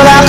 without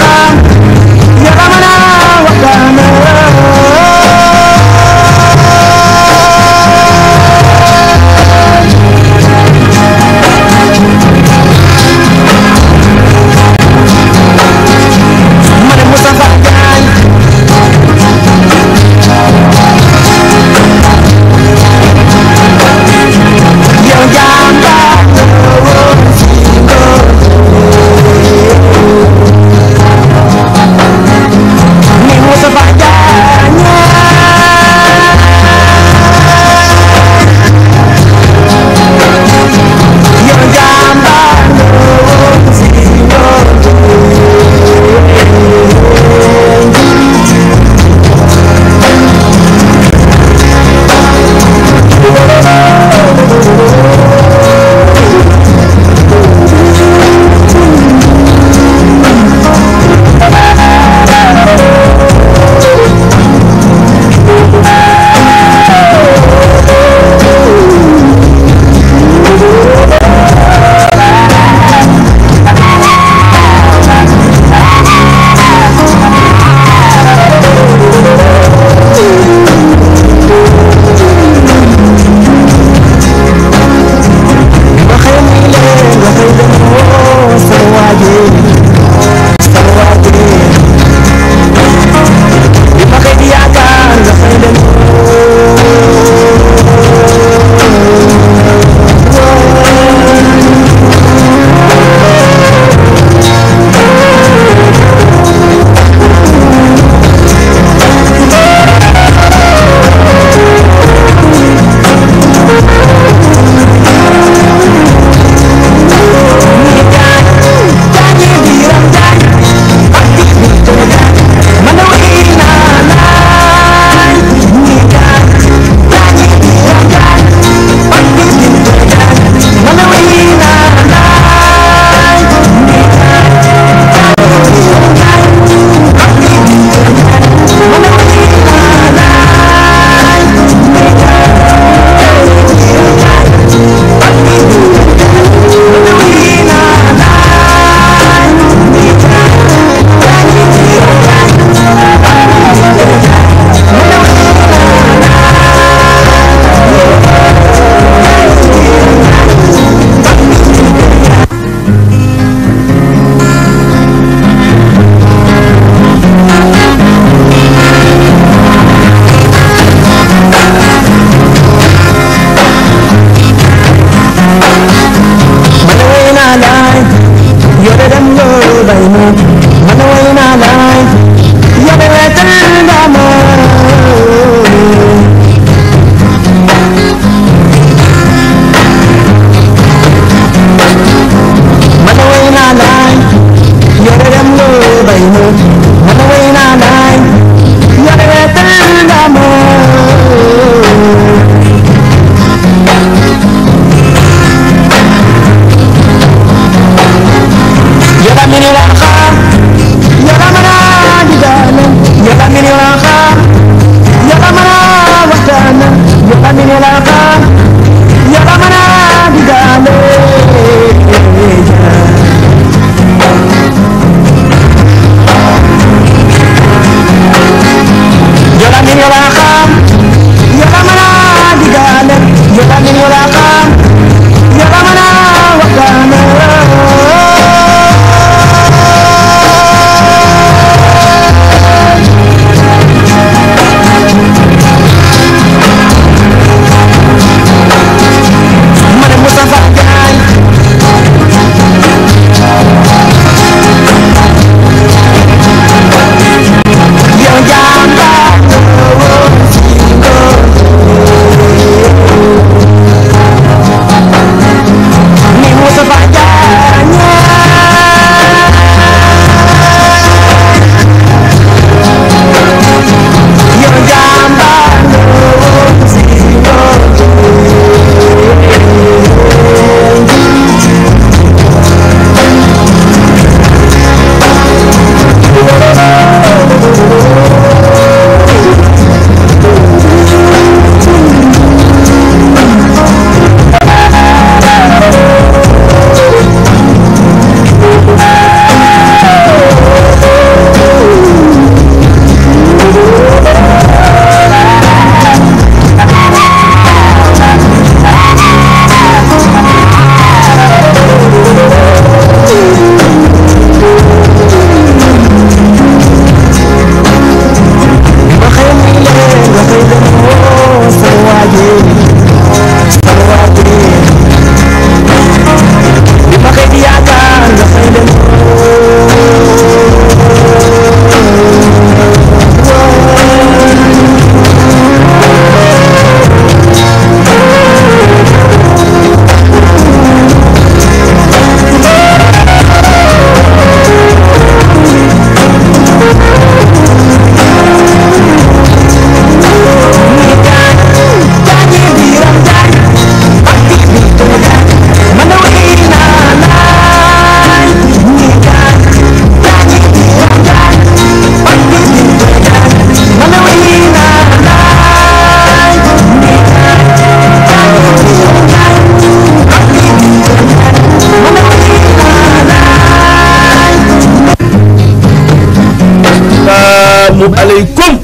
alaikum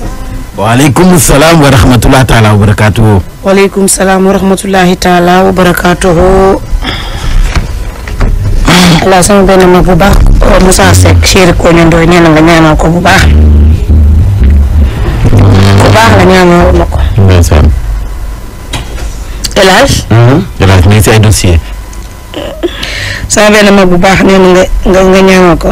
wa alaikum salam wa ta'ala wa barakatuhu wa alaikum salam wa ta'ala wabarakatuh. barakatuhu Allah sama benn ma bu baax Musa sek chéri ko ñando ñena nga ñaanal ko bu baax bu baax la ñaanal ma ko ndeysaan iya, elage hmm elage ni ci dossier sama benn ma bu baax neena nga nga ñaanal ko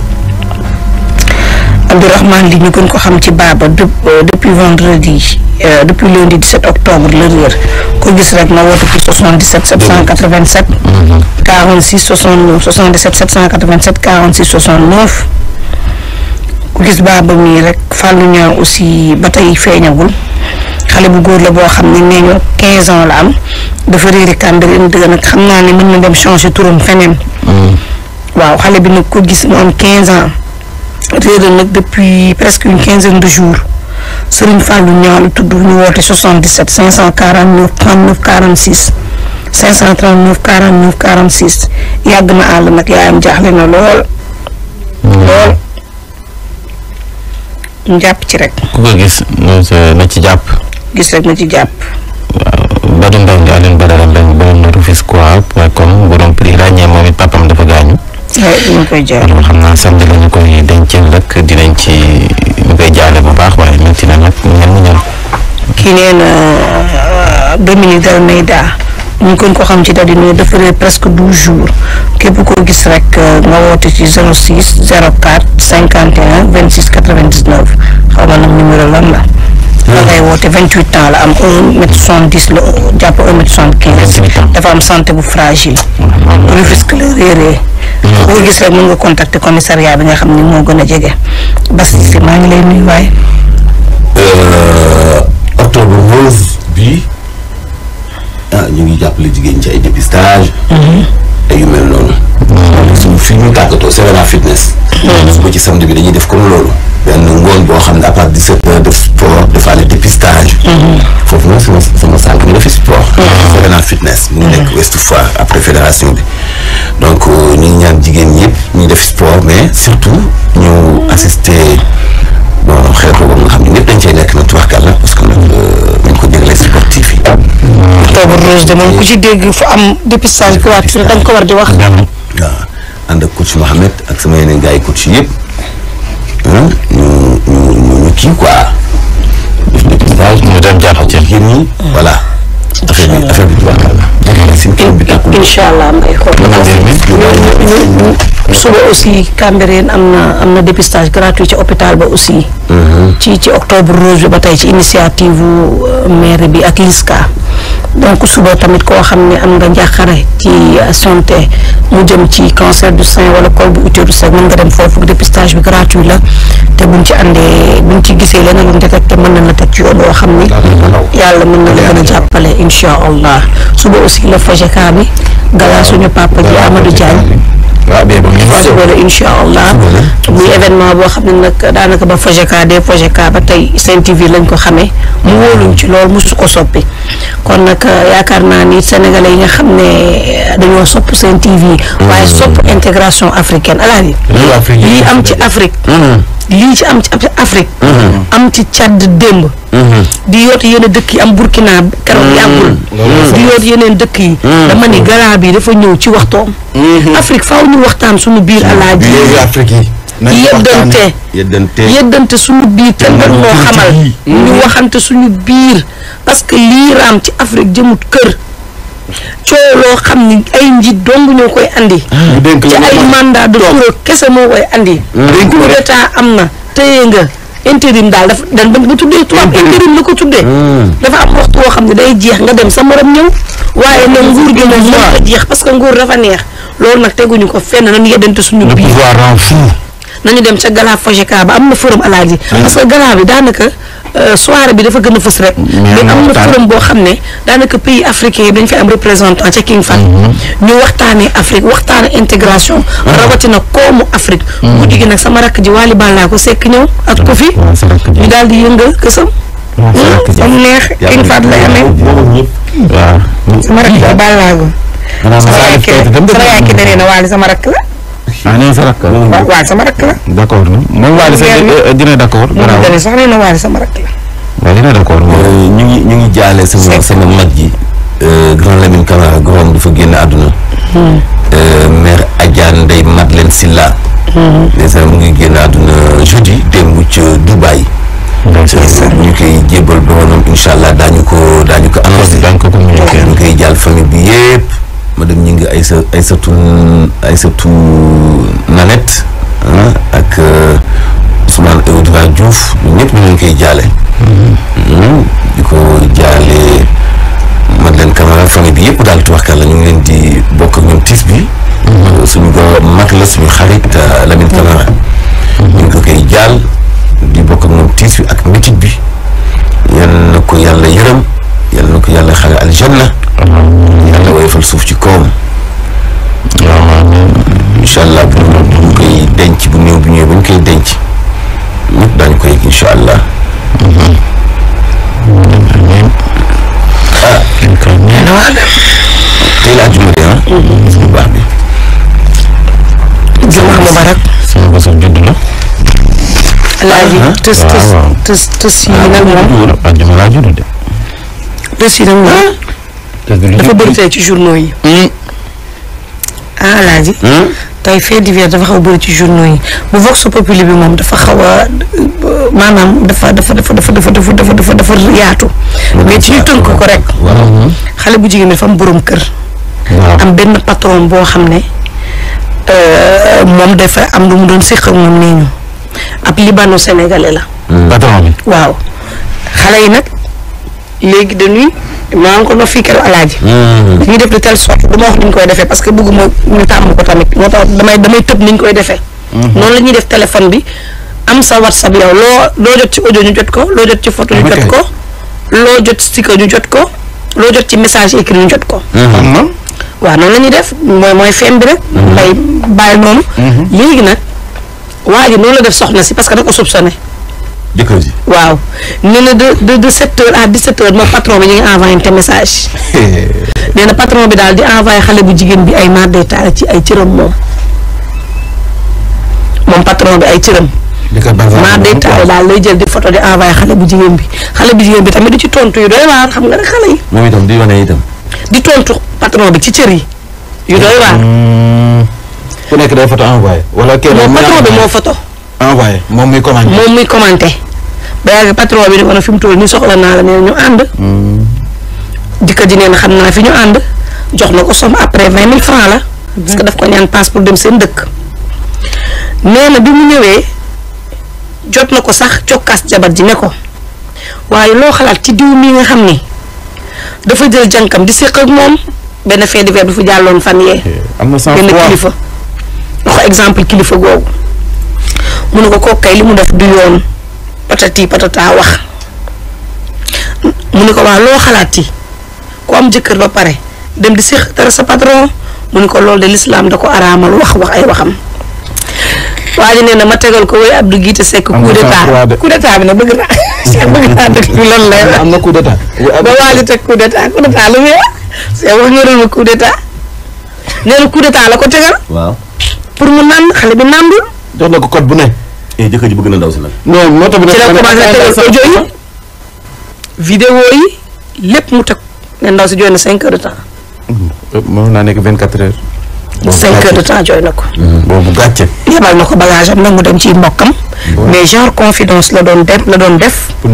Abdourahmane li ñu gën ko xam ci baaba euh, depuis vendredi euh, depuis lundi 17 octobre la réer ko gis rek na woote ci 77 787 46 69 77 787 46 69 ku gis baaba mii rek fàllu ñaa aussi ba tey feeñagul xale bu góor la boo xam ne nee ñu 15 ans la am dafa réeri Cambérène dëgg nag xam naa ne mën na dem changer turam feneen mm. waaw xale bi nag ko gis mu am 15 ans réer nak depuis presque une quinzaine de jours Serigne Fallou Niang tuddu ñu woté 77 549 39 46 539 49 46 yàgg na àll nag yaayam jaaxle na lool. lool ñu japp ci rek. ku ko gis na ci japp gis rek na ci japp waaw Badou Mbengue Alioune Badara Mbengue borom na rufisquois point com borom prix ràññee moom it papam dafa gaañu. ñu koy jaale xam naa samedi la ñu koy dencee nag dinañ ci ñu koy jaale bu baax waaye métti na nag ñenn ñoom. ki nee na euh, Dominique Almeida ñu gën ko xam ci daal di nuyu dafa réer presque douze jours képp koo gis rek euh, nga woote ci cinquante 06 04 51 26 99 xaw ma nag numéro lan la. la ngay woote vingt huit ans la am un mètre soixante dix la jàpp un mètre soixante quinze dafa am santé bu fragile Rufisque la réeree boo gis rek mën nga contacter commissariat bi nga xam ni moo gën a jege Bass Cissé maa ngi lay nuyu waaye euh, octobre rose bi ah, ñu ngi jàppale jigéen ci ay dépistage mm-hmm. ay yu mel noonu mm-hmm. suñu fi ñu tàggatoo c'est la fitness mm-hmm. suba ci samedi bi dañuy def comme loolu benn ngoon boo xam ne à di de def sport defaale dépistage. Mm-hmm. foofu nag sama sama sànq ñu defi sport. Mm-hmm. Fédéral fitness. mu ngi nekk mm-hmm. Ouest Foire après fédération bi. donc euh, ñu ñaan jigéen ñëpp ñu def sport mais surtout ñu assister bon xeetu boobu nga xam ne ñëpp dañ cee nekk nag tubaarkàl la parce que nag euh, ñu ko jégale sportif yi. octobre rose de moom am dépistage bi waaw da nga ko war di wax. waaw ànd ak coach Mohamed ak sama yeneen gars yi coach nag ñu ñu ñu kii quoi. def na kii daal ñu dem jàpp ci kii bi suba aussi Cambérène am na dépistage gratuit ci hôpital ba aussi. Mhm. ci ci rose ba tey ci initiative euh, maire bi ak LISCA. donc suba tamit koo xam ne am nga njàqare ci euh, santé mu jëm ci cancer du sein wala col bu utérus rek mën nga dem foofu dépistage bi gratuit la te buñ ci àndee buñ ci gisee leneen lu ñu détecté mën na la teg ci yoon woo xam ni yàlla mën na la gën a jàppale incha allah suba aussi la fajeka bi gala suñu papa ji Amadou Diagne waaw bee boobu ñu ngi suba la incha boo xam ne nag daanaka ba Fojeka de Fojeka ba tey Sen lañ ko xamee mu wóoluñ ci lool mosu ko soppi kon nag nag euh, yaakaar naa ni sénégalais yi nga xam ne euh, dañoo sopp seen TV. Mm. waaye sopp intégration africaine alaaji. lii am ci Afrique. Mm. lii ci am ci Afrique. Mm-hmm. am ci Tchad démb. Mm-hmm. di yoot yeneen dëkk yi am Burkina keroog mm. yàggul. di yoot yeneen dëkk yi. dama ni gala bi dafa ñëw ci waxtoom. Mm-hmm. Afrique faaw ñu waxtaan suñu biir alaaji. biir Afrique yi. yëddante yëddante yëddante suñu biir te mën noo xamal ñu waxante suñu biir parce que lii raam ci Afrique jëmut kër coow loo xam ni ay njiit dong ñoo koy andi ah, ci ay mandat de trop kese moo koy andi coup d'état am na téye nga intérim daal dafa dañ ba tuddee tubaab intérim la ko tuddee hmm. dafa am wax woo xam ne day jeex nga dem sa morom ñëw waaye nag nguur gi moom moo jeex parce que nguur dafa neex loolu nag teguñu ko fenn nañ yeddante suñu biir nañu dem ca gala Fojeka ba am na forum alaaji parce que gala bi daanaka soir bi dafa gën a fës rek. mais am na forum boo xam ne daanaka pays africain yi dañ fi am représentant ca King Fahd. ñu waxtaanee Afrique waxtaanee intégration. rawatina koomu Afrique. guddi gi nag sama rakk ji Waly Balla ko sekk ñëw ak ko ñu daal di yëngal kësam. am neex King Fahd lay amee. na Waly sama rakk la. ah nee sa rakk la. waaw sama rakk la. d' moom Waly eh, sax dina d' moom sax sama rakk la. waaw dina d' moom. Euh, ñu ngi ñu ngi jaale sama sama mag ji. Euh, grand Lamine Camara grand dafa génn àdduna. Hmm. Euh, mère Adjane Ndeye Madeleine Silla. ndeysaan hmm. mu ngi génn àdduna jeudi démb ca Dubaay. ñu koy jébal doomam incha allah daañu ko daañu ko annoncé. daañu ko communiqué ñu koy jàll famille bi yëpp. madame ñu ngi ay sa ay satu ay satu nanet ah, ak euh, Ousmane Eudra Diouf ñu ñëpp ñu ngi koy jaale mm-hmm. hmm, di ko jaale man leen Camara famille bi yëpp daal tubaab kàlla ñu ngi leen di bokk ak tiis bi mm-hmm. suñu ko mag la suñu xarit euh, Lamine Camara mm-hmm. ñu ngi koy jaal di bokk ak moom tiis bi ak métit bi yal na ko yàlla yërëm yal na ko yàlla xare aljanna mubarak. sama bësam judd la. laaj yi tës tës tës tës yi ah, nag moom. ah dama laa judd de. tës yi nag moom. dafa bëri tey ci journaux yi. Hmm? ah laaj. Hmm? tey fait divers dafa xaw a bëri ci journaux yi bu vox populi bi moom dafa xaw a maanaam dafa dafa dafa dafa dafa dafa dafa dafa yaatu. mais ci ñu tënk ko rek. xale bu jigéen bi dafa am borom kër. am benn patron boo xam ne. Euh, moom dafa am lu mu doon séq moom nee ñu ab libano sénégalais la. Mm. patron waaw. xale yi nag léegi de dañuy maa ngi ko doon fii keroog alaaji. Mm. dañuy def de telle sorte du ma wax ni koy defee parce que bëgguma ñu tàmm ko tamit moo tax damay damay tëb ni ñu koy defee. Mm-hmm. noonu la ñuy def téléphone bi am sa whatsapp yow loo loo jot ci ojo ñu jot ko loo jot ci photo ñu jot ko. loo jot sticker ñu jot ko loo jot ci message écrit ñu jot ko. Mm-hmm. waaw noonu la ñuy def mooy mooy feem bi rek. lay mhm. bàyyi noonu. Mhm. léegi nag waa noonu la def soxna si parce que da ko soupçonné. jëkkër ji waaw nee na de de de sept heures à dix sept heures moom patron bi ñu ngi envoyé te message. nee na patron bi daal di envoyé xale bu jigéen bi ay maar day ci ay cëram moom bi ay cëram. maar day taal daal lay jël di photo xale bu jigéen bi xale bu jigéen bi tamit du ci tontu yu doy waar xam nga rek xale yi. di tontu patron bi ci cër yi yu doy waar. Hmm. ku nekk day photo envoyé. wala kii moom patron bi moo photo moom muy commenté moom muy commenté. ba yàgg patron bi ne ko nag fi mu toll nii soxla naa la nee ñu ànd. Hmm. jëkkër ji nee xam naa fi ñu ànd jox na ko somme après vingt mille francs la. parce daf ko ñaan passe pour dem seen dëkk. nee na bi mu ñëwee jot na ko sax cokkaas jabar ji ne ko waaye loo xalaat ci diw mii nga xam ni. dafa jël jànkam di séq ak moom benn fait divers bu fi jàlloon fan yee. am na benn kilifa. wax exemple kilifa googu mu ne ko kooku li mu def du yoon patati patata wax mu ne ko waa loo xalaat yi ku am jëkkër ba pare dem di séq dara sa patron mu ne ko loolu de lislaam da ko araamal wax wax ay waxam. waa ji nee na ma tegal ko woy Abdou Guité Seck. am na coup d'état coup d'état bi na bëgg na. Cheikh bëgg naa dëkk bi lan lay am na coup d'état ba waali teg coup d'état coup d'état lu muy wax Cheikh wax nga doon coup coup d'état la ko waaw pour mu naan na ne. eh jëkkër ji bëgg na ndaw si nag. non moo tax ci la mu teg ne ndaw si jooy de temps. nekk vingt quatre cinq heures de temps jooy na ko. Mm-hmm. boobu gàcce. yebal na ko bagage am nag mu dem ci mbokkam. mais genre confidence la doon dem la doon def. pour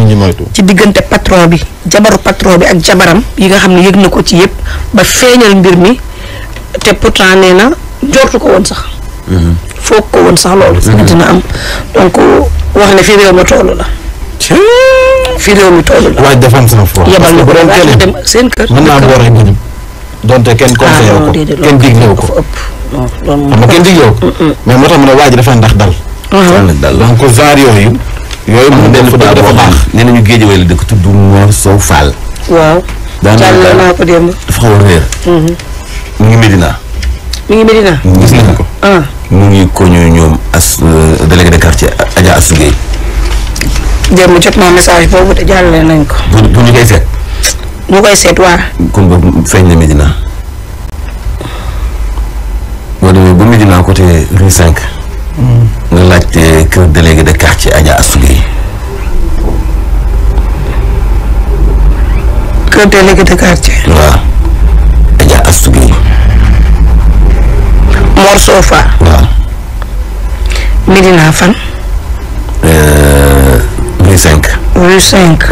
ci diggante patron bi. jabaru patron bi ak jabaram yi nga xam ne yëg na ko ci yëpp ba feeñal mbir mi te pourtant nee na jortu ko woon sax. Mm-hmm. foog ko woon sax loolu. sax mm-hmm. dina am donc wax ne fii réew ma toll la. fii réew mi toll la. waaye dafa am sama foofu. yebal na ko dem seen kër. mën naa donte kenn conseillé wu ko ah, kenn diglewu ko. xam nga kenn diglewu ko. Mm, mm. mais moo tax mu ne waa dafa ndax dal. Ah. dal donc genre yooyu. yooyu ah, mu benn paa dafa baax nee nañu géej way la dëkk tudd Mor Sow Fall. waaw. ko démb. Mm-hmm. mu ngi Medina. mu ngi Medina. gis nañ mu ngi ko ñu ñoom as euh, délégué de quartier Adja Assou Gueye. démb jot naa message boobu te jàllale nañ ko. ñu koy seet waaw. kon boobu feeñ na Medina. boo demee ba Medina côté rue 5. Hmm. nga laajte kër délégué de quartier Adja Assou Gueye. kër délégué de quartier. waaw Adja Assou Gueye. Mor Sofa. waaw. fan. Euh, rue 5. rue 5.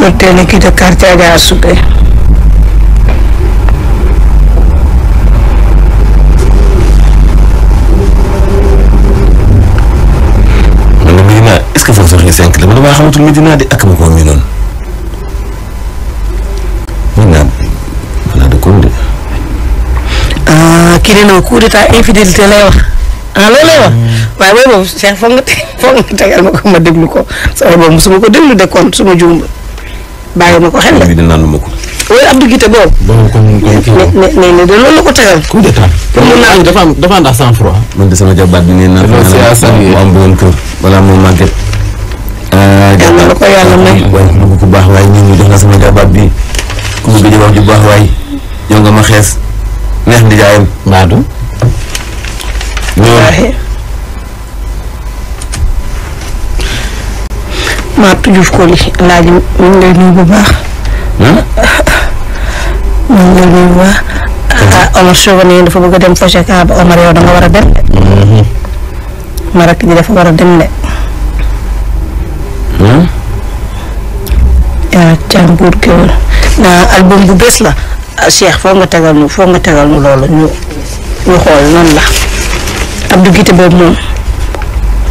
करते की तो करते जा सके est-ce que foofu sax nga cinq la damaa xamatul Medina di ak ma koo ngi noonu mun naa mun ah kii nee na coup d'état infidélité e lay wax ah loolu lay wax waaye booy boobu Cheikh foog nga foog nga tegal ma ko ma déglu ko bàyyi ma ko xel la. bii dina naan ma ko. wala Abdou Guité boobu. boobu comme comme kii boobu mais mais mais de loolu la ko tegal. coup d'état. pour mu naan dafa am dafa ànd ak sang froid. man de sama jabaat bi nee naa. dafa am am bu woon kër. voilà moom màgget. Euh, yàlla na ko yàlla may. waaye mu ko baax waaye ñun ñu jox na sama jabaat bi ku mu gëj a wax ju baax waaye ñoo nga ma xees neex ndijaayam. Maadou. Pape Diouf Koli laaj mi ngi bu baax. mi ngi bu baax. ah Omar Sow dafa bëgg a dem projet ka ba Omar yow da war a dem. Mm-hmm. ma rakk ji dafa war a dem de. ah Thiambour Guewel ah, album bu bees la ah, Cheikh foo nga tegal ñu foo nga tegal ñu loolu ñu xool lan la Abdou Guité boobu moom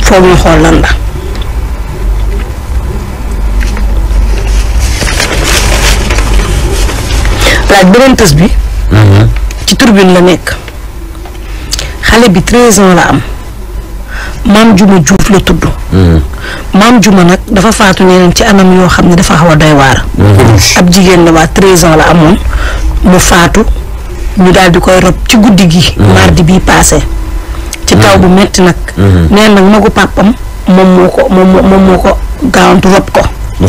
foog ñu xool lan la. plaque beneen tës bi. Mhm. ci turbine la nekk. xale bi treize ans la am. maam juma juuf la tudd. Mhm. maam juma nag dafa faatu neenam ci anam yoo xam ne dafa xaw a doy waar. Mhm. ab jigéen la waa treize ans la amoon mu faatu ñu daal di koy rob ci guddi gi. mardi bii paase. ci taw bu metti nag. nee nag magu pàppam moom moo ko moom moo ko gaawantu rob ko. mu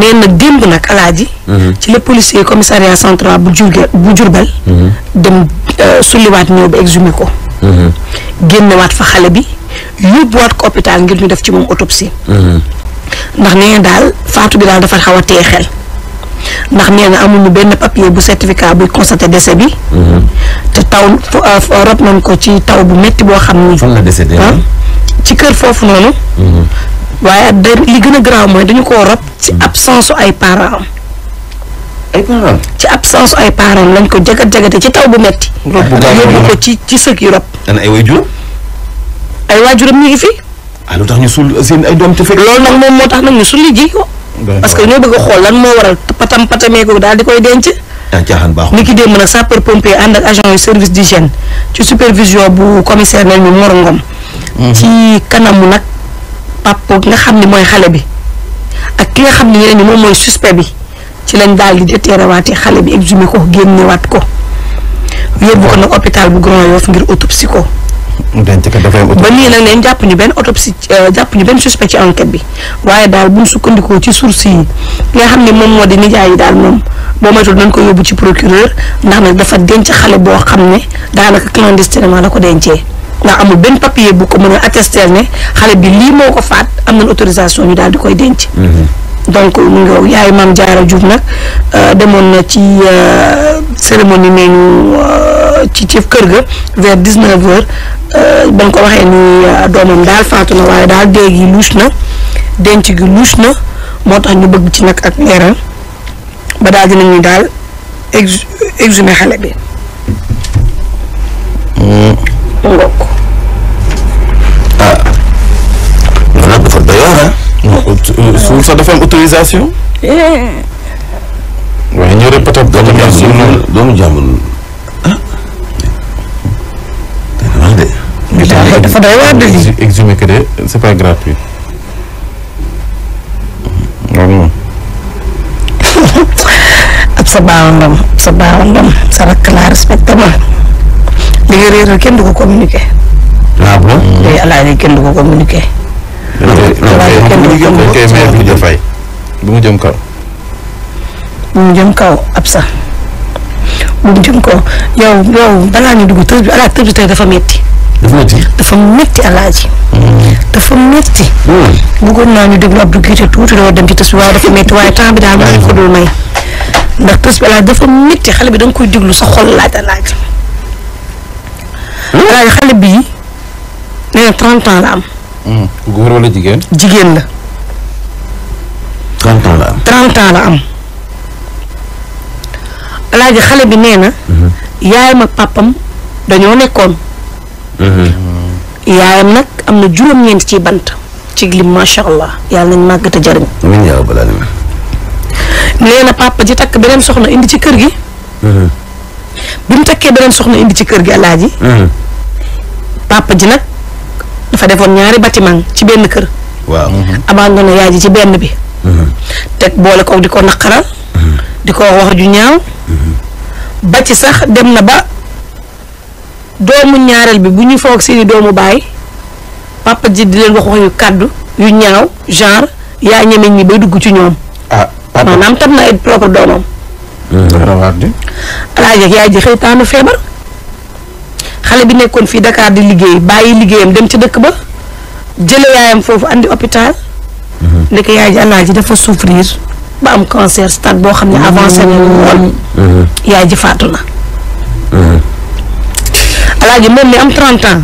nee nag démb nag alaaji mhm. ci la policier commissariat central bu Diourbel bu Diourbel mhm. dem euh, sulliwaat ñëw ba exhumé ko mhm. génnewaat fa xale bi yóbbuwaat ko hôpital ngir ñu def ci moom autopsie ndax nee daal faatu bi daal dafa xaw a téye xel ndax nee amul amuñu benn papier bu certificat buy constaté décès bi te taw euh, rot nañ ko ci taw bu métti boo xam ni fan la décédé ah? ci kër foofu noonu waye de li gëna graw moy mooy dañu koo rob ci absence ay parents ay parents ci absence ay parents lañ ko jagat jagate ci taw bu metti yóbbu ko ci ci sëg yu rob ana ay waajur ay waajuram ñu ngi fi ah lu tax ñu sul seen ay doom te fek lool nak moom moo tax nag ñu sulli ji ko parce que ñoo bëgg xol lan mo waral patam patame ko dal di koy denc ah, niki dem na sapeur pompier and ak agent service d'hygiène ci supervision bu commissaire nañ ñu morngom mm-hmm. ci kanamu nak papa ki nga xam ni mooy xale bi ak ki nga xam ne ñeneen moom mooy suspect bi ci lañ daal di déterrewaatee xale bi exhumé ko génnewaat ko yóbbu ko nag hôpital bu Grand Yoff ngir autopsie ko. ba nii nag leen jàpp ñu benn autopsie euh, jàpp ñu benn suspect ci enquête bi waaye daal buñ sukkandikoo ci source yi nga xam ne moom moo di nijaay yi daal moom boo moytul nañ ko yóbbu ci procureur ndax nag dafa denc xale boo xam ne daanaka clandestinement la ko dencee. ndax amul benn papier bu ko mën a attester ne xale bi lii moo ko faat am nañ autorisation ñu daal di koy denc. Mhm. donc mu ngi yaay maam Diarra Diouf nag euh, demoon na ci euh, cérémonie nee ñu euh, ci kër ga vers dix neuf heures ba ko waxee ni doomam daal faatu na waaye daal dee gi luus na denc gi luus na moo tax ñu bëgg ci nag ak leeral ba daal dinañu daal exhumé xale bi. mbokk. ah maanaam dafa doy waar autorisation. waaye ñu répété ko tamit ak suul ah. dafa doy waar de lii exhumé de c'est pas gratuit. ab sa baaw ndam sa baaw sa rakk laa respecté li nga réeral kenn du ko communiqué. ah bon tey kenn du ko ko communiqué bu mu jëm kaw bu jëm kaw. ab sax bu mu jëm kaw yow yow balaa dugg tëb bi alaaji tëb bi tey dafa metti dafa metti dafa metti alaaji. Hmm. dafa metti. Hmm. bëggoon naa ñu déglu Abdou Guité tuuti doo dem ci tës bi waaye dafa metti waaye temps bi daal maa ngi ko dul may ndax tës dafa metti xale bi da nga koy déglu sa xol laaj alaaji. alaaji xale bi nee na la am. Hmm. góor jigéen. jigéen la. 30 la am 30 la am. alaaji xale bi nee na. Hmm. yaayam ak papam dañoo nekkoon. Hmm. yaayam nag am na juróom-ñeent ci bant. ci glim macha allah yàlla nañ màgg te jëriñ. amiin yaa rabbal aalamiin. nee na ji takk beneen soxna indi ci kër gi. bi mu takkee beneen soxna indi ci kër gi alaaji. papa ji nag dafa defoon ñaari bâtiment ci benn kër. waaw mhm. abandonné yaay ji ci benn bi. Mhm. teg boole koog di ko naqaral. Mhm. di ko wax ju ñaaw. ba sax dem na ba doomu ñaareel bi bu ñu foog seeni doomu baay papa ji di leen wax wax yu kàddu yu ñaaw genre yaa ñemeñ ñi bay dugg ci ñoom. ah maanaam tam yaay ji xëy taanu feebar. xale bi nekkoon fii Dakar di liggéey bàyyi liggéeyam dem ca dëkk ba jële yaayam foofu andi hôpital mhm. ndek yaay ji alaa ji dafa souffrir ba am cancer stade boo xam ne mhm. avancé na mhm. ji faatu na alaa ji moom mi am 30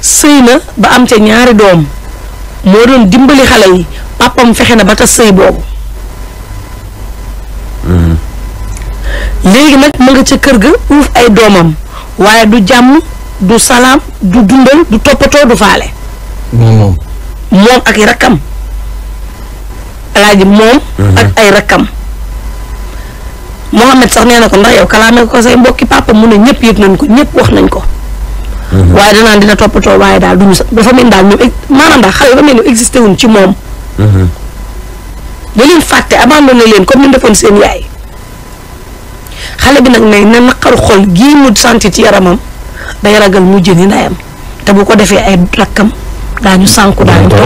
sëy na ba am ca ñaari doom moo doon dimbali xale yi pàppam fexe na ba tas sëy boobu léegi nag mu nga ca kër ga uuf ay doomam waaye du jàmm du salaam du dundal du toppatoo du faale. moom ak i rakkam. alaaji moom. Mhm. ak ay rakkam. Mohamed sax nee na ko ndax yow kalaame ko say mbokki papa mu ne ñëpp yëpp nañ ko ñëpp wax nañ ko. Mhm. waaye danaan dina toppatoo waaye daal duñu sax dafa mel daal ñoom maanaam daal xale dafa mel ni existé ci moom. Mhm. da leen fàtte abandonné leen comme ni defoon seen yaay. xale bi nag ne na naqaru xol gii mu sentir ci yaramam day ragal mu jëni ndayam te bu ko defee ay rakkam daañu sànku daañu ko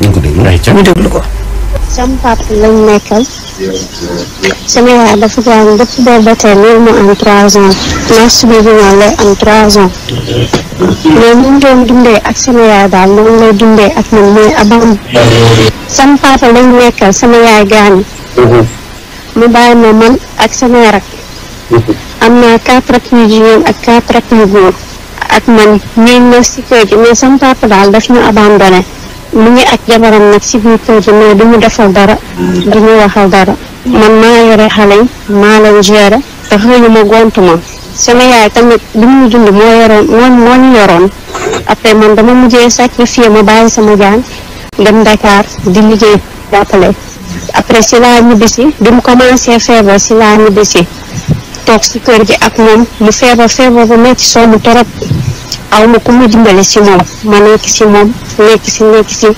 ñu déglu ko sama papa lañ nekkal sama yaay dafa gaañ mu am trois ans mars mu doon dundee ak sama daal moom lay dundee ak man mooy abam sama lañ nekkal sama yaay Mhm. mu bàyyi ma ak samay rak mhm. am naa quatre rak jigéen ak quatre rak yu ak man ñooñ na si kër gi mais daal daf ñu abandonné mu ngi ak jabaram nag si biir kër gi du ñu defal dara du ñu waxal dara man maa yore xale yi maa leen géré te xëyu ma ma sama yaay tamit li muy dund moo yoroon moo moo ñu yoroon après man dama mujjee sacrifié ma bàyyi sama jaan dem Dakar di liggéey jàppale après si laa ñibbisi bi mu commencé feebar si laa ñibbisi toog si kër gi ak moom mu feebar feebar ba metti soo mu torop aw ma ku mu dimbale si moom ma nekk si moom nekk si nekk si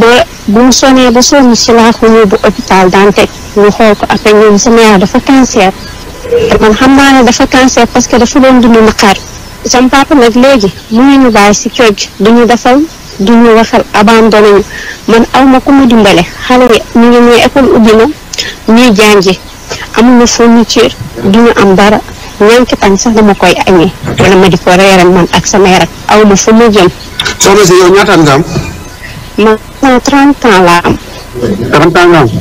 ba bu mu sonee ba sonn si laa ko yóbbu hôpital Dantec ñu xool ko après ñoom sama yaay dafa cancer man xam naa ne dafa cancer parce que dafa doon dund naqar sama papa nag léegi mu ngi ñu bàyyi si coj duñu defal du ñu waxal abandonné ñu man aw ma ku ma dimbale xale yi ñu ngi ñuy école ubbi na ñuy jàngi amuñu fourniture duñu am dara ñànk pañ sax dama koy añee wala ma di ko reeral man ak samay rak aw ma fu soo jëm. soxna si yow ñaata nga am. man 30 laa am. 30 ans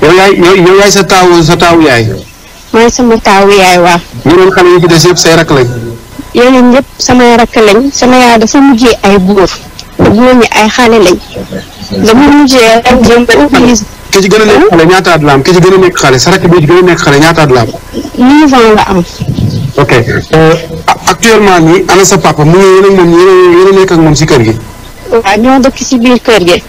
nga sa taawu sa taawu yaay. mooy sama taawu yaay waaw. ñeneen xale yi ci des yëpp say rak lañ. ñooñu ñëpp samay rakk lañ sama yaay dafa mujjee ay góor góor ñi ay xale lañ dama mujjee ak jëmbal a nekk xale ñaata at la am ki ci gën a nekk xale sa rakk bi ci gën a nekk xale ñaata at la am neuf ans la am ok euh, actuellement nii ana sa papa mu ngi yéen ak moom yéen a nekk moom si kër gi waaw ñoo dëkk si biir kër gi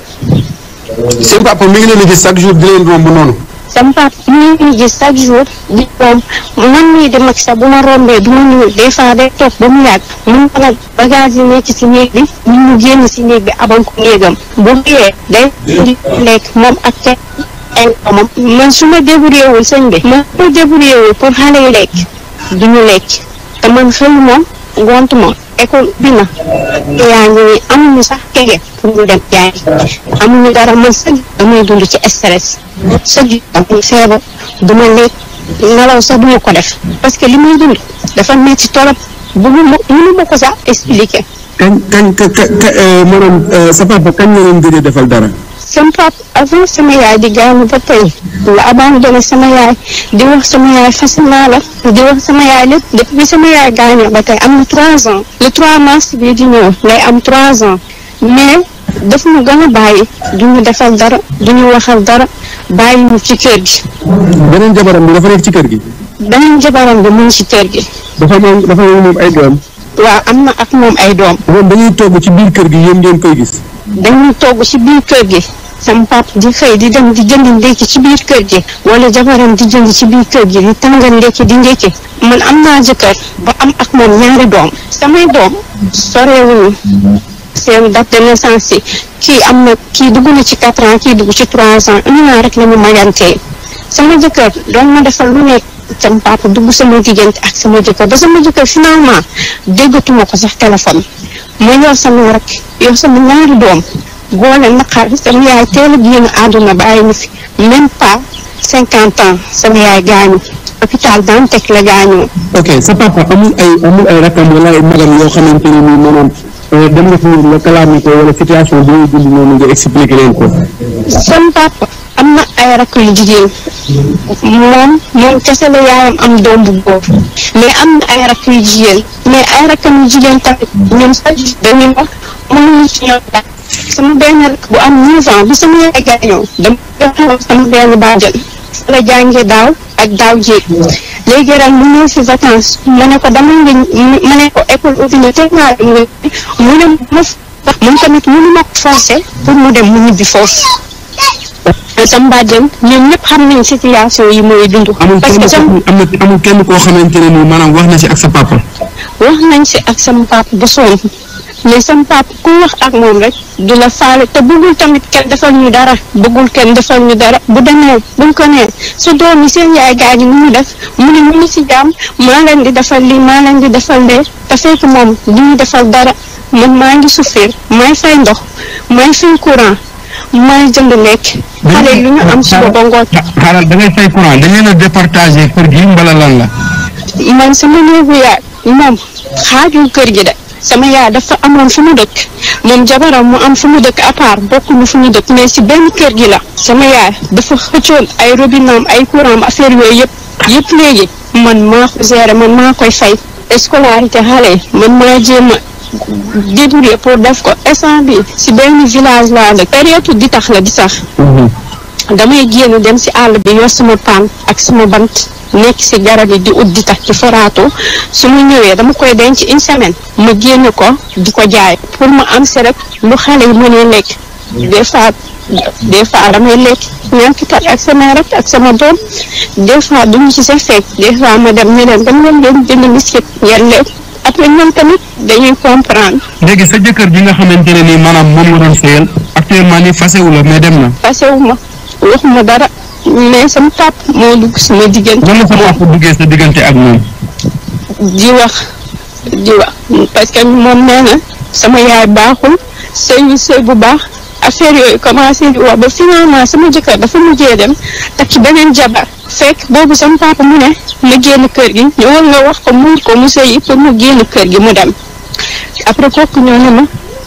seen papa mi ngi leen di gis chaque jour di leen romb noonu sama papa ñu ngi gis chaque jour di moom man mii di mag sax bu ma rombee du ma nuyu des fois day toog mu yàgg mun ma nag bagage yi nekk si néeg bi ñun ñu génn si néeg bi abal ko néegam bu mu yee day di lekk moom ak te man su ma débrouillé wul sëñ bi man ma débrouillé wul pour xale yi lekk du ñu lekk te man moom ngont moom école bi na te yaa ngi nii amuñu sax kege pour ñu dem jaay amuñu dara man sëñ damay dund ci stress sa ji damay feebar du ma lekk nelaw sax du ko def parce que li may dund dafa metti torop bu mu mënu ko sax expliquer. kañ kañ ka ka euh, maanaam euh, sa papa kañ la leen gëj defal dara. sama pap avant sema yaay di gaañu ba tey la abandonné sama yaay di wax sama yaay fas naa la di wax sama yaay lépp depuis sama yaay gaañoo ba tey am na trois ans le trois mars bii di ñëw lay am trois ans mais daf ñu gën a bàyyi du ñu dara du ñu waxal dara bàyyi ñu ci kër gi. beneen jabaram bi dafa nekk ci kër gi. beneen jabaram bi mu ngi ci kër gi. dafa moom dafa moom ay waaw am na ak moom ay doom. moom dañuy togg ci biir kër gi yéen ngeen koy gis. dañuy togg ci biir kër gi. sam pap di xëy di dem di jënd ndékki ci biir kër gi wala jabaram di jënd ci biir kër gi di tàngal ndékki di ndékki man am naa jëkkër ba am ak moom ñaari doom samay doom soreewuñu seen date de naissance yi kii am na kii dugg na ci quatre ans kii dugg ci trois ans un an rek la ñu magantee sama jëkkër doon ma defal lu nekk sama papa dugg sama diggante ak sama jëkkër ba sama jëkkër finalement déggatuma ko sax téléphone mu yor sama rek yor sama ñaari doom góole naqar sama yaay teel a génn àdduna bàyyi ñu fi même pas cinquante ans sama yaay gaañu hôpital Dantec la gaañoo. ok sa papa amul ay amul ay rakam wala ay yoo xamante ne nii maanaam euh, dem nga ko la calamité wala situation bi nga dund noonu nga expliqué leen ko. papa. ay rakk yu jigéen moom moom kese la yaayam am doom bu góor mais am na ay rakk yu jigéen mais ay rakkam yu jigéen tamit ñoom bu am 9 ans bi sama yaay gaañoo dama joxewoon sama ak daaw jéeg léegi ren mu ñëw si vacances ma ko dama mu ne ma pour mu dem mu ñibbi foofu tam Samba Dieng ñoom ñëpp xam nañ situation yi mooy dund. parce que amul kenn amul kenn koo xamante ne nii maanaam wax na si ak sa nañ si ak sama papa ba sonn mais sama papa ku ak moom rek du la faale te bëggul tamit kenn defal ñu dara bëggul kenn defal ñu dara bu demee buñ ko nee su doom yi seen yaay gaañu nu mu def mu ne mu si jàmm maa leen di defal lii maa leen di defal lee te fekk moom du ñu defal dara man maa ngi souffrir maay fay ndox maay fay courant. may jënd lekk. xale yi lu ñu am suba ba ngoon. xaaral da ngay fay courant dañ leen a départager kër gi mbala lan la. man sama néegu yaay moom xaaju kër gi de sama yaay dafa amoon fu mu dëkk moom jabaram mu am fu mu dëkk à part bokkuñu fu ñu dëkk mais si benn kër gi la sama yaay dafa xëccoon ay robinam ay courant affaire yooyu yëpp yëpp léegi man maa ko gérer man maa koy fay scolarité xale yi man maa jéem débrouiller pour def ko instant bi si benn village laa la période di tax la di sax mhm. damay génn dem si àll bi yor sama paan ak sama bant nekk si garab yi di ut di tax ci faraato su mu ñëwee dama koy denc une semaine ma génn ko di ko jaay pour ma am si rek lu xale yi mënee lekk des fois des fois damay lekk ñeenti kat ak sama rak ak sama doom des fois duñu ci sa fekk des fois ma dem ne leen leen jënd biscuit ngeen lekk après ñoom tamit dañuy comprendre. léegi sa jëkkër bi nga xamante ne nii maanaam moom ma doon sëyal actuellement nii fasewu la mais dem na. fasewu ma waxuma dara mais sama pap moo dugg sama diggante. lan la sa pap duggee sa diggante ak moom. di wax di wax parce moom nee na sama yaay baaxul sëy ñu bu baax. affaire yooyu commencé di wax ba finalement sama jëkkër dafa mujjee dem takki beneen jabar fekk boobu sama papa mu ne ma génn kër gi ñëwal nga wax ko muur ko mu sëyi pour mu génn kër gi mu dem après kooku ñoo ne ma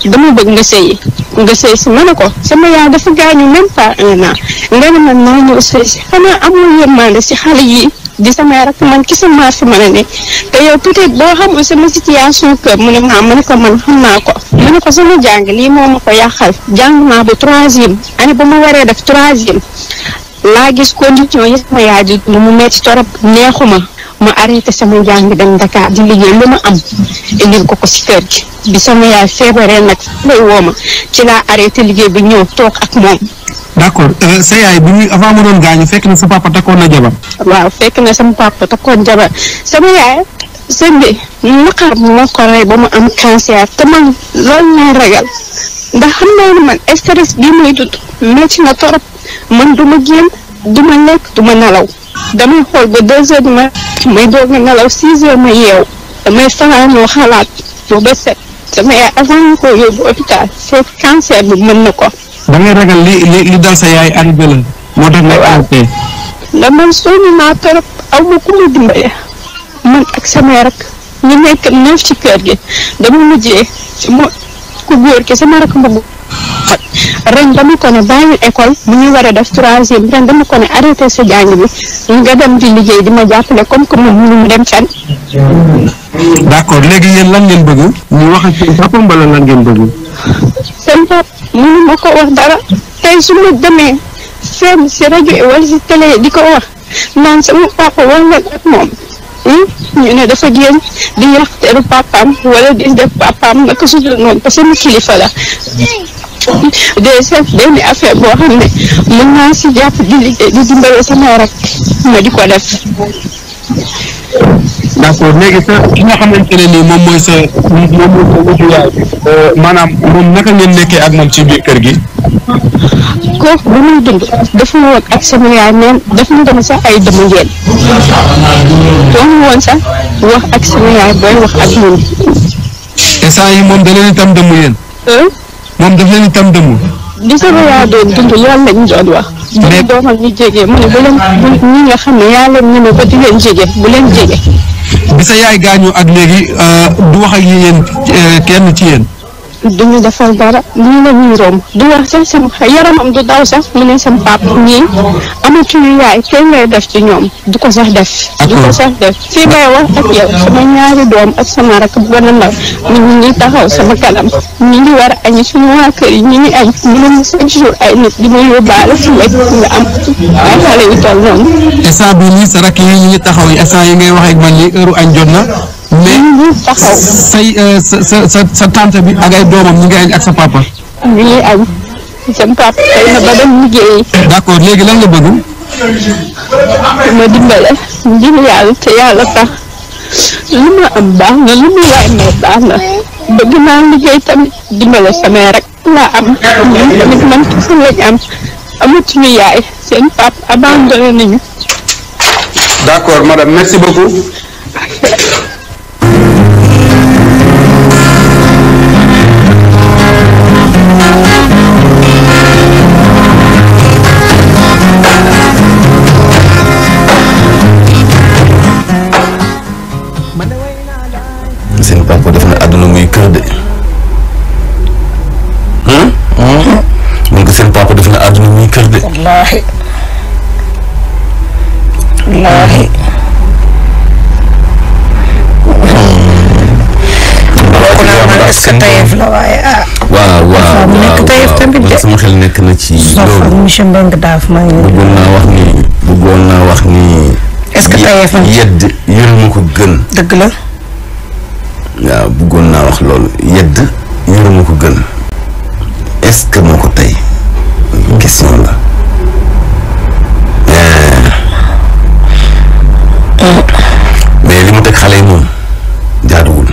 dama bëgg nga sëyi nga sëy si ma ne ko sama yaay dafa gaañu même pas un an nga ne man naa ñëw sëy si xanaa amul yërmande si xale yi di sama rak man ki sama fi mën a ne te yow peut être boo xamul sama situation kër mu ne maa ma ne ko man xam naa ko ma ne ko sama jàng lii moo ko yàqal jàng naa ba troisième année ba ma waree def troisième laa gis condition yi sama yaay di mu metti torop neexuma ma arrêté sama jàng dem Dakar di liggéey lu ma am indil ko ko si kër gi bi sama yaay feebaree nag lay woo ma ci laa arrêté liggéey bi ñëw toog ak moom. d'accord euh, sa yaay bi avant mu doon gaañu fekk na sa papa takkoon na jabar. sama yaay sëñ bi naqar moo ko rey ba mu am cancer te man loolu laa ragal ndax xam naa ne man stress bii muy dund métti na torop man du ma génn du ma lekk du ma nelaw damay xool ba deux ma may doog a nelaw six yeew damay fanaanoo xalaat bu ba set damay avant ko yóbbu hôpital c'est cancer bi mën na ko. da ngay ragal li li li dal sa yaay arrivé la moo tax ngay arrêté. ndax man sonn naa torop aw ma ku ma man ak sama rak ñu nekk neuf ci kër gi dama mujjee mo ku góor ki sama rak mbabu ren dama ko ne bàyyi école mu ñu war a def troisième ren dama ko ne arrêté sa jàng bi nga dem di liggéey di ma jàppale comme que moom mënu mu dem ngeen bëgg. ñu wax ak seen papaam wala lan ngeen bëgg. seen pap mënu ma ko wax dara tey su ma demee seen si rajo wala si télé di ko wax naan sama papa wala ak moom. Hmm? ñu ne dafa génn di yàq teeru papaam wala di def papaam naka su dul noonu parce que kilifa la. de chef benn affaire boo xam ne mën naa si jàpp di liggéey di dimbale sama rak ma di ko def. d' accord léegi sa ki nga xamante ne nii moom mooy sa moom mooy sa wujju yaay euh, maanaam moom naka ngeen nekkee ak moom ci biir kër gi. kooku ba muy dund dafa woon ak sama yaay même daf ñu dem sax ay dama ngeen doomu woon sax wax ak sama yaay booy wax ak ñun. instant yi moom da leen itam dëmm yéen. moom daf leen itam dëmm. li sama yaay doon dund loolu lañ doon wax. mais doomam ñu jege mu ne bu leen ñi nga xam ne yaa leen ñeme ba di leen jege bu leen jege. bi sa yaay gaañoo ak léegi euh, du wax ak yéen euh, kenn ci yéen. du ñu defal dara nii la ñuy romb du wax sax sama yaramam du daw sax mu ne sama pap ñii amatuñu yaay te ngay def ci ñoom du ko sax def. du ko sax def fii ngay wax ak yow sama ñaari doom ak sama rakk bu gën a ndaw ñu ngi taxaw sama kanam ñi ngi a añi suñu waa kër yi ñu ngi añ ñu taxaw ma am xale yu toll noonu. instant bii nii sa rakk yi ñu ngi taxaw yi instant yi ngay wax ak man nii heure añ jot mais say euh, sa sa sa tante bi ak ay ak sa papa. ñu ngi na ba dem liggéeyi. d'accord léegi lan nga bëgg. ma dimbale ngir yàlla te yàlla tax lu ma am baax na lu ma waay may baax na bëgg naa liggéey tamit dimbale samay rek laa am ñun tamit man kese lañ am amatuñu yaay seen papa abandonné nañu. d'accord madame merci beaucoup. kër de. wallaahi wallaahi. est-ce tayef la waaye ah. waaw waaw nekk tayef tamit de. sama ci. loolu monsieur naa wax ni bëggoon naa wax ni. est-ce que tayef ko gën. la. waaw bëggoon naa wax loolu yedd yërëma ko gën est-ce moo ko tey question la eh. mais li mu teg xale yi moom jaaduwul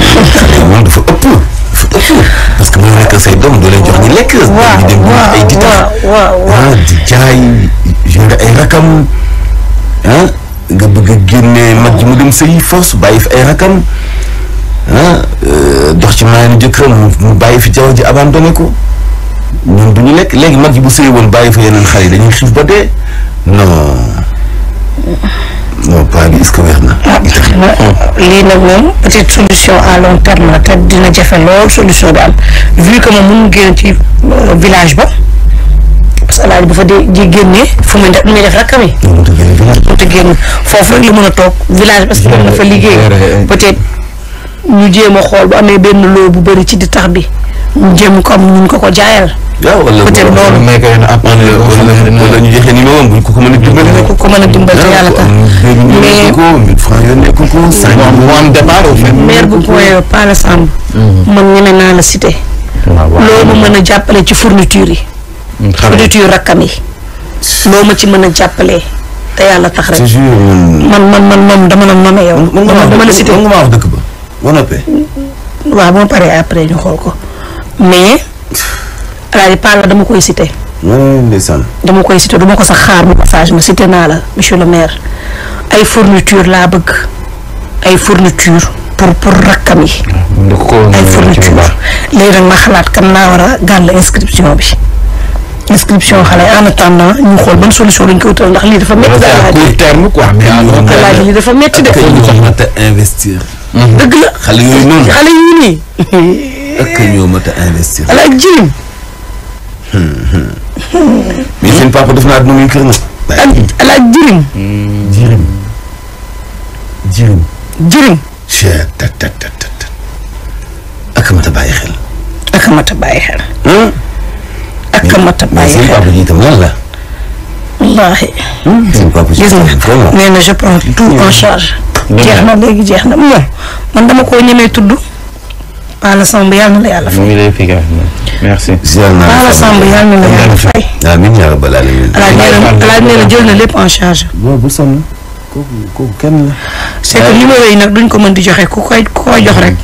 dafa ëpp dafa parce que mu nekk say doom doo leen jox ñu lekk ñu dem ñu ay ah, jaay jore ay rakam ah, nga bëgg a génne mag ji mu dem sëy force bàyyi fi ay rakam Hein? Euh, dox ci maanaam jëkkëram mu bàyyi fi jaww ji abandonné ko ñun du ñu lekk léegi mag yi bu sey won bàyyi fa yeneen xale dañuy xiif ba dee non non paa bi ce que weex na. Ah, li nak moom petite solution à long terme la te dina jafe lool solution dal vu que moom mënul génn ci euh, village ba parce que laaj bu fa di ji génnee fu muy def muy def rakkam yi. fofu rek la mën a toog village parce que dafa liggéey peut-être. ñu jéem a xool bu amee benn loo bu bari ci di tax bi ñu jéem comme ñu ko ko jaayal. waaw wala loolu may ko yenn appels yoo xam ne wala ñu joxe numéro buñ ko ko mën a dimbali rek. ko mën a dimbali te yàlla tax mais ko mille francs yónnee ko ko am départ au fait maire bu Point E Pala Samb man ñeme naa la cité loo ma mën a jàppale ci fourniture yi fourniture rakkam yi loo ma ci mën a jàppale te yàlla tax rek man man man moom dama la nomé yow dama la cité nga ma wax ba noppee. waaw boo paree après ñu xool ko mais alaaji Palla dama koy cité. ndeysaan. dama koy cité duma ko sax xaar mu passage ma cité naa la monsieur le maire ay fourniture laa bëgg ay fourniture pour pour rakkam yi. ay fourniture léegi nag ma xalaat kan naa war a gàll inscription bi. inscription xale en attendant ñu xool ban solution lañ koy utal ndax lii dafa métti. dafa métti à court terme quoi dëgg la xale yooyu noonu xale a investir. xale ak jirim. def na. ala tat tat tat ak mat a xel. ak mat a bàyyi xel. ak mat a xel hmm? mais seen papa ji itam lan la. wallaahi. Hmm? jeexna legi jeexna mo man dama ko ñëmé tuddu ala sambe yalla na la yalla fay. mi lay fi merci. ziar naa Pala yalla yàlla na la yàlla fay. amiin yaa rabbal alamin ala ñëna na jël na lépp en charge. bo bu sonn ko ko kenn la. c'est que numéro yi nak duñ ko mën di joxe ku koy ko jox rek.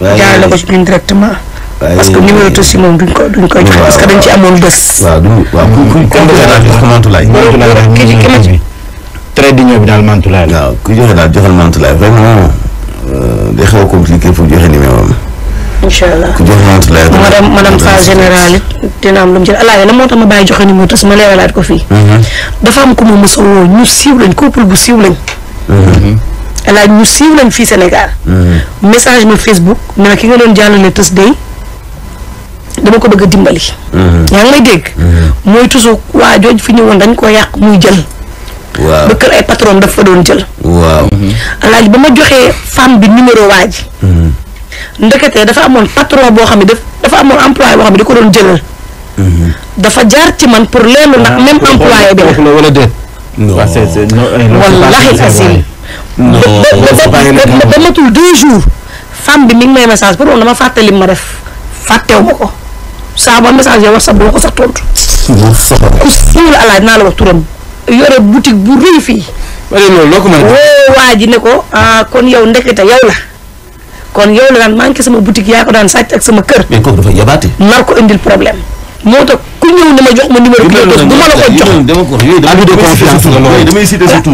waaye jaay la ko ci directement. parce que numéro Tossi moom duñ ko duñ koy joxe parce que dañ ci amoon bés. waaw du waaw ku ku ku ku ku ku ku ku ku ku ku ku ku ku très digne bi daal Mantoulaye la. waaw ku joxe daal joxal Mantoulaye vraiment euh, day xaw a compliqué pour joxe numéro am. incha allah ku joxe Mantoulaye. madame madame sa générale it dina am lu mu jël alaaye la moo tax ma bàyyi joxe numéro tas ma leeralaat ko fii. Mhm. dafa am ku ma mos a woo ñu siiw lañ couple bu siiw lañ. Mhm. alaaj ñu siiw lañ fii Sénégal. Mhm. message ma Facebook ne ma ki nga doon jàllale tës day dama ko bëgg a dimbali. yaa ngi may dégg. mooy toujours waa jooj fi ñëwoon dañ koo yàq muy jël. waaw ba kër ay patron daf fa doon jël. waaw. Mm-hmm. ba ma joxee femme bi numéro waa ji. Mm-hmm. dafa amoon patron boo xam ne daf dafa amoon employé boo xam ne da ko doon jëlal. Mm-hmm. dafa jaar ci man pour leerlu ndax ah, même employé bi la wala déet. non euh, wallaahi asil ba matul deux jours femme bi mi ngi may message pour moom dama fàttali ma def fàttewu ma ko saa ba message yow WhatsApp dama ko sax tontu. ku siiw la alaaj naa la wax turam. yore boutique bu rëy fii. ma loolu loo ko mën woo waa ne ko ah kon yow ndekete yow la kon yow la daan manqué sama boutique yaa ko daan sàcc ak sama kër. mais kooku dafa yabaate. nar ko indil problème. moo tax ku ñëw ne ma jox ma numéro kii bu ma la ko jox abus de confiance la loolu damay cité sa tur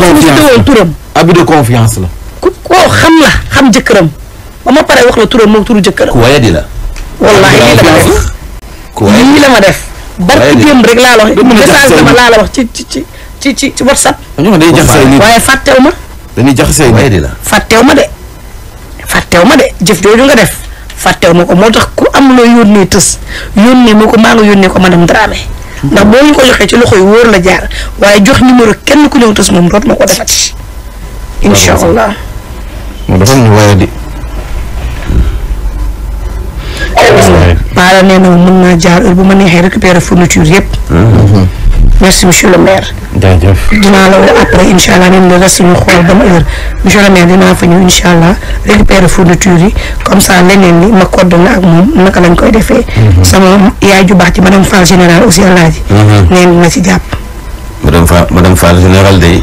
woon turam abus de confiance la ku koo xam la xam jëkkëram ba ma paree wax la turam moom turu jëkkëram di la wallaahi lii la ma def barki démb rek laa la wax la wax ci ci ci ci ci ci whatsapp. waaye fàttew ma. dañuy jaxasee nii la. fàttew ma de ma de jëf jooju nga def fàttew ma ko moo tax ku am loo yónnee tës yónnee ma ko maa nga yónnee ko madame Dramé. ndax boo ñu ko joxee ci loxo yi wóor la jaar waaye jox numéro kenn ku ñëw tës moom doot ma ko defati. incha allah. dafa ñu waaye Paala nee na mën naa jaar heure bu ma neexee récupérer fourniture yëpp. Mhm. merci monsieur le maire. jaajëf dinaa la woo après incha allah nañ la reste ñu xool ban heure monsieur le maire dinaa fa ñëw incha allah récupérer fourniture yi comme ça leneen li ma code la ak moom naka lañ koy defee. Mhm. sama yaay ju baax ci madame Fall général aussi alaaji. Mhm. nee na dina ci jàpp. madame Fall madame Fall général day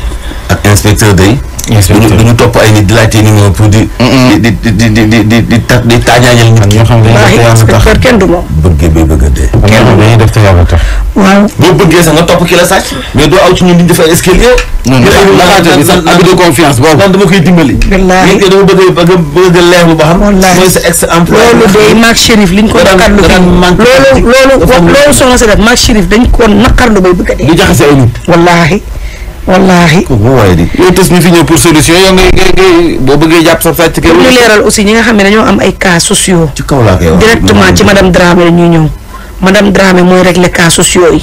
ak inspecteur day. inspecteur du ñu topp ay nit di laajte numéro pour di. di di di di di di ta di taajaañal nit ñi. ñoo xam ne dañuy def te yàlla tax kenn du moom. bëggee bay bëgg a dee. kenn du dañuy def te yàlla tax. waaw boo bëggee sax nga topp ki la sàcc. mais doo aw ci ñun di def ay escalier. non non abus de confiance boobu. naan dama koy dimbali. wallaahi dama bëgg a bëgg a leerlu ba xam. wallaahi mooy sa ex emploi. loolu de Mag Chérif liñ ko naqarlu fi loolu loolu loolu soxna si def Mag Chérif dañ ko naqarlu bay bëgg a dee. di jaxase ay nit wallaahi wallahi ko way di yo tes mhm. ni fi ñew pour solution yo ngay ngay bo bëggé japp sa sacc ke ñu léral aussi ñi nga xamé dañu am ay cas sociaux ci kaw la kay directement ci madame dramé ñu ñew madame dramé moy régler cas sociaux yi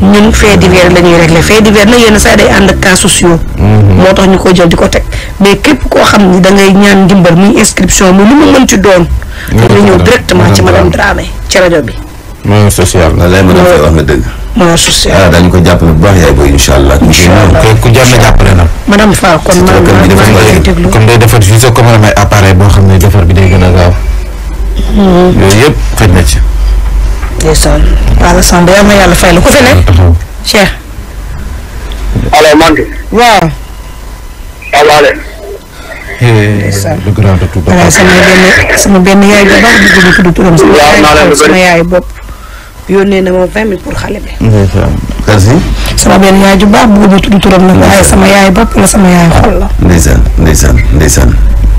ñun fait divers lañuy régler fait divers na yeen sa day and cas sociaux motax ñu ko jël diko tek mais képp ko xamni da ngay ñaan dimbal muy inscription mu lu mu mën ci doon ñu ñew directement ci madame dramé ci radio bi moy social la lay mëna fay wax na deug moo social ah daañu ko jàppale bu baax yaay booy incha allah. incha allah ku jar na jàppale na. madame Fall kon maa ngi lay déglu comme day defar visio comme may appareil boo xam ne defar bi day gën a gaaw. Mm-hmm. yooyu yëpp xëj na ci. ndeysaan Palla Samb yal na yàlla fay la ku fi ne. Cheikh. allo Manke. waaw. Ablaye. lu grand de tout sama benn sama benn yaay bu baax di tudd turam sama yaay bopp. yónnee na ma vingt mille pour xale bi. merci. sama benn yaay ju baax bëgg ñu tudd turam nag. waaye sama yaay bopp la sama yaay xol la. ndeysaan ndeysaan ndeysaan.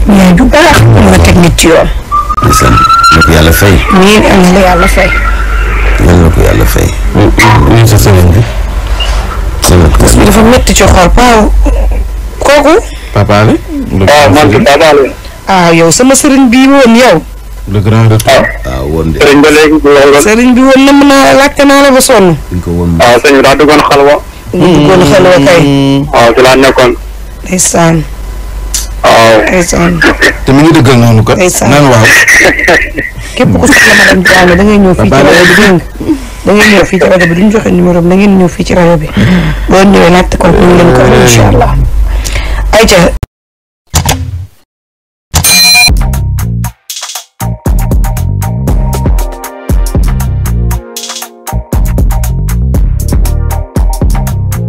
yaay ju baax. mën na teg nit ci yoon. ndeysaan na ko yàlla fay. nii am na yàlla fay. yàlla na ko yàlla fay. ñu sa sëriñ bi. parce que dafa métti ci xol paa kooku. papa Ali. ah man de papa Ali. ah yow sama sëriñ bii woon yow. le grand retour. waaw ah. ah, woon de. sëriñ ba léegi loolu. sëriñ bi woon na mën naa laajte naa la ba sonn. dañ ko woon waaw ah, sëñ bi daa duggoon xalwa. mu duggoon xalwa kay. waaw mm. ci laa nekkoon. ndeysaan. waaw ndeysaan. te mi ngi dëggal noonu kat. ndeysaan naan waaw. képp ku soxla madame Diallo da ngay ñëw fii ci rajo bi dégg da ngay ñëw fii ci rajo bi duñ joxe numéro bi da ngeen ñëw fii ci rajo bi. boo ñëwee laajte ko ñu leen ko incha allah. ayca.